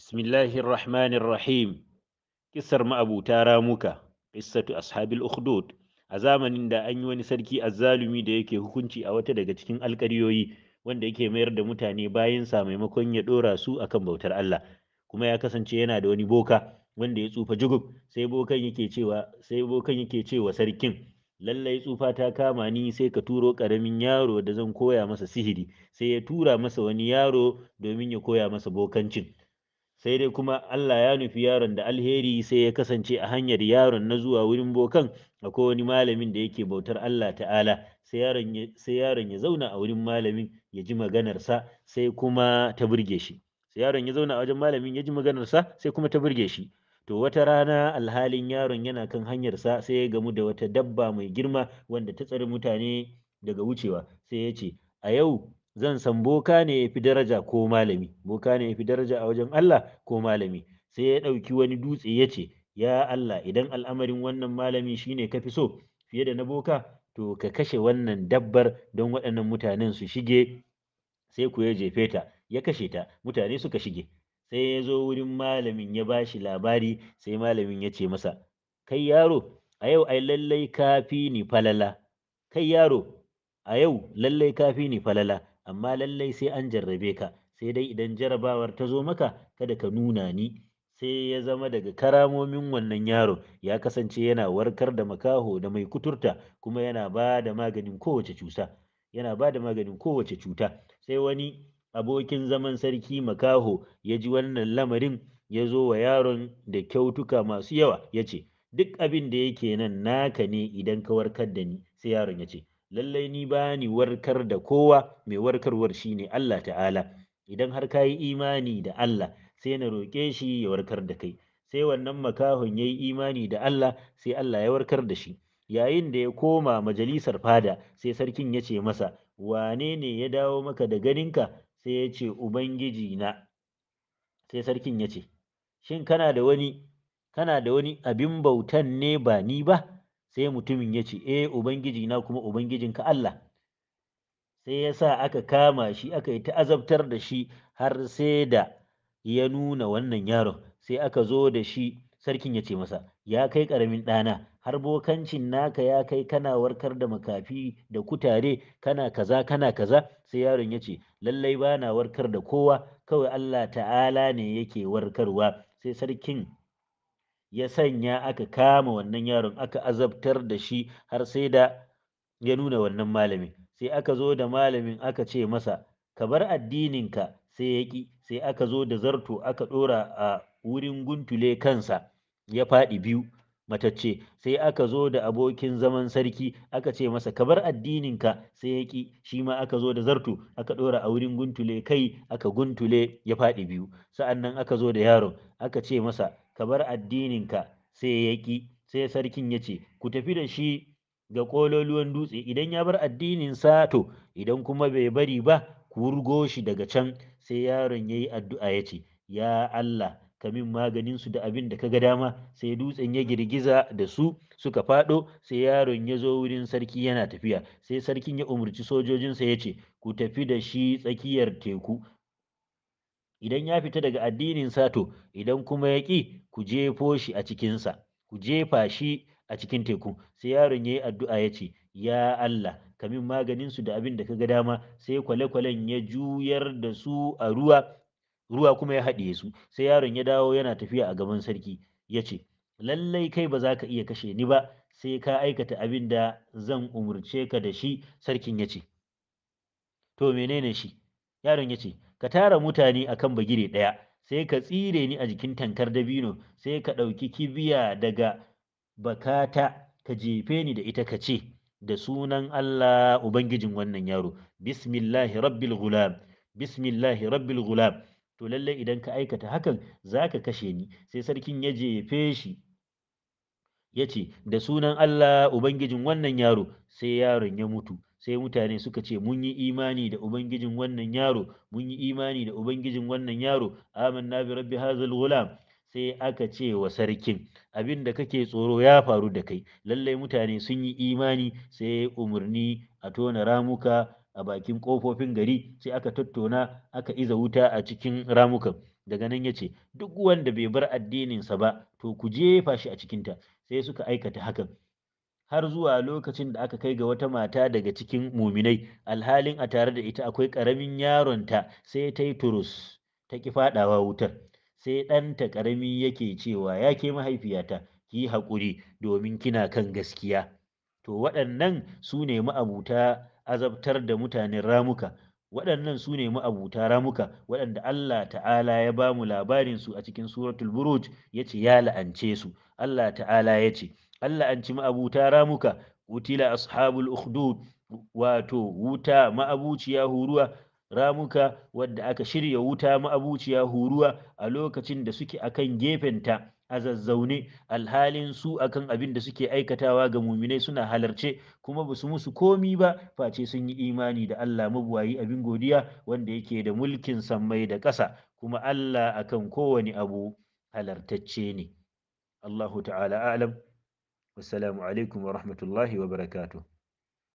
bismillahir rahmanir rahim kisar ma'abuta ramuka qissatu ashabil ukhdud a zamanin da an yi wani sarki azzalumi da yake hukunci a wata daga cikin alƙaryoyi wanda yake mayar da mutane sa maimakon ya ɗora su akan bautar Allah kuma ya kasance yana da wani boka wanda ya tsufa jugub sai bokan yake cewa sai bokan yake cewa sarkin lallai tsufa ta kama ni sai ka turo ƙaramin yaro da zan koya masa sihiri sai ya tura masa wani yaro domin ya koya masa bokancin sai dai kuma Allah ya nufi yaron da alheri sai ya kasance a hanyar yaron na zuwa wurin bokan akwai wani malamin da yake bautar Allah ta'ala sai yaron ya zauna a wurin malamin ya ji maganarsa sai kuma ta burge shi sai yaron ya zauna a wajen malamin ya ji maganarsa sai kuma ta burge shi to wata rana alhalin yaron yana kan hanyarsa sai ya gamu da wata dabba mai girma wanda ta tsare mutane daga wucewa sai ya ce a yau zan san boka ne ya fi daraja ko malami boka ne ya fi daraja a wajen Allah ko malami sai ya ɗauki wani dutse ya ce ya Allah idan al'amarin wannan malami shine ka fi so fiye da na boka to ka kashe wannan dabbar don waɗannan mutanen su shige sai ku ya jefe ta ya kashe ta mutane suka shige sai ya zo wurin malamin ya ba shi labari sai malamin ya ce masa kai yaro a yau ai lallai kafi ni falala kai yaro a yau lallai kafi ni falala amma lallai sai an jarrabe ka sai dai idan jarabawar ta zo maka kada ka nuna ni sai ya zama daga karamomin wannan yaron ya kasance yana warkar da makaho da mai kuturta kuma yana ba da maganin kowace cuta yana ba da maganin kowace cuta sai wani abokin zaman sarki makaho ya ji wannan lamarin ya zo wa yaron da kyautuka masu yawa ya ce duk abin da yake nan naka ne idan ka warkar da ni sai yaron ya ce lallai ni ba ni warkar da kowa mai warkarwar shi ne Allah ta'ala idan har ka yi imani da Allah sai na roƙe shi ya warkar da kai sai wannan makahon ya yi imani da Allah sai Allah ya warkar da shi yayin da ya koma majalisar fada sai sarkin ya ce masa wane ne ya dawo maka da ganinka sai ya ce ubangiji na sai sarkin ya ce shin kana da wani abin bautan ne ba ni ba sai mutumin ya ce eh ubangiji na kuma ubangijinka Allah sai ya sa aka kama shi aka yi ta azabtar da shi har sai da ya nuna wannan yaron sai aka zo da shi sarkin ya ce masa ya kai ƙaramin ɗana har bokancin naka ya kai kana warkar da makafi da kutare kana kaza kana kaza sai yaron ya ce lallai ba na warkar da kowa kawai Allah ta'ala ne yake warkarwa sai sarkin ya sanya aka kama wannan yaron aka azabtar da shi har sai da ya nuna wannan malamin sai aka zo da malamin aka ce masa ka bar addininka sai ya ƙi sai aka zo da zarto aka ɗora a wurin guntule kansa ya faɗi biyu matacce sai aka zo da abokin zaman sarki aka ce masa ka bar addininka sai ya ƙi shi ma aka zo da zarto aka ɗora a wurin guntule kai aka guntule ya faɗi biyu Sa'annan aka zo da yaron aka ce masa ka bar addininka sai ya yaƙi sai sarkin ya ce ku tafi da shi ga ƙololuwan dutse idan ya bar addinin sa to idan kuma bai bari ba ku wurgo shi daga can sai yaron ya yi addu'a ya ce ya Allah ka min maganin su da abin da ka ga dama sai dutsen ya girgiza da su suka faɗo sai yaron ya zo wurin sarki yana tafiya sai sarkin ya umarci sojojinsa ya ce ku tafi da shi tsakiyar teku idan ya fita daga addinin sa to idan kuma ya ƙi ku jefo shi a cikinsa ku jefa shi a cikin teku sai yaron ya yi addu'a ya ce ya Allah ka min maganin su da abin da ka ga dama sai kwale-kwalen ya juyar da su a ruwa ruwa kuma ya haɗiye su sai yaron ya dawo yana tafiya a gaban sarki ya ce lallai kai ba za ka iya kashe ni ba sai ka aikata abin da zan umurce ka da shi sarkin ya ce to menene shi yaron ya ce ka tara mutane a akan bagire ɗaya sai ka tsire ni a jikin tankar dabino sai ka ɗauki kibiya daga bakata ka jefe ni da ita ka ce da sunan Allah ubangijin wannan yaro bismillahi rabbil gulam bismillahi rabbil gulam to lallai idan ka aikata hakan za ka kashe ni sai sarkin ya jefe shi ya ce da sunan Allah Ubangijin wannan yaro sai yaron ya mutu sai mutane suka ce mun yi imani da Ubangijin wannan yaro mun yi imani da Ubangijin wannan yaro na bi rabbi hazal gulam sai aka ce wa sarkin abin da kake tsoro ya faru da kai lallai mutane sun yi imani sai umarni a tona ramuka a bakin ƙofofin gari sai aka tattona aka iza wuta a cikin ramukan daga nan ya ce duk wanda bai bar addininsa ba to ku jefa shi a cikinta sai suka aikata hakan har zuwa lokacin da aka kai ga wata mata daga cikin muminai alhalin a tare da ita akwai ƙaramin yaronta sai ta yi turus ta ki faɗawa wutar sai ɗanta ƙarami yake cewa ya ke mahaifiyata ki yi haƙuri domin kina kan gaskiya to waɗannan su ne ma'abuta azabtar da mutanen ramuka waɗannan su ne ma'abuta ramuka waɗanda Allah ta'ala ya ba mu su a cikin suratul buruj ya ce ya la'ance su Allah ta'ala ya ce Allah an ci ma'abuta ramuka utila ashabul ukhdud wato wuta ma'abuciya huruwa ramuka wadda aka shirya wuta ma'abuciya huruwa a lokacin da suke akan gefenta a zazzaune alhalin su akan abin da suke aikatawa ga muminai suna halarce kuma ba su musu komi ba face sun yi imani da Allah mabuwayi abin godiya wanda yake da mulkin sammai da ƙasa kuma Allah akan kowane abu halartacce ne الله تعالى أعلم والسلام عليكم ورحمة الله وبركاته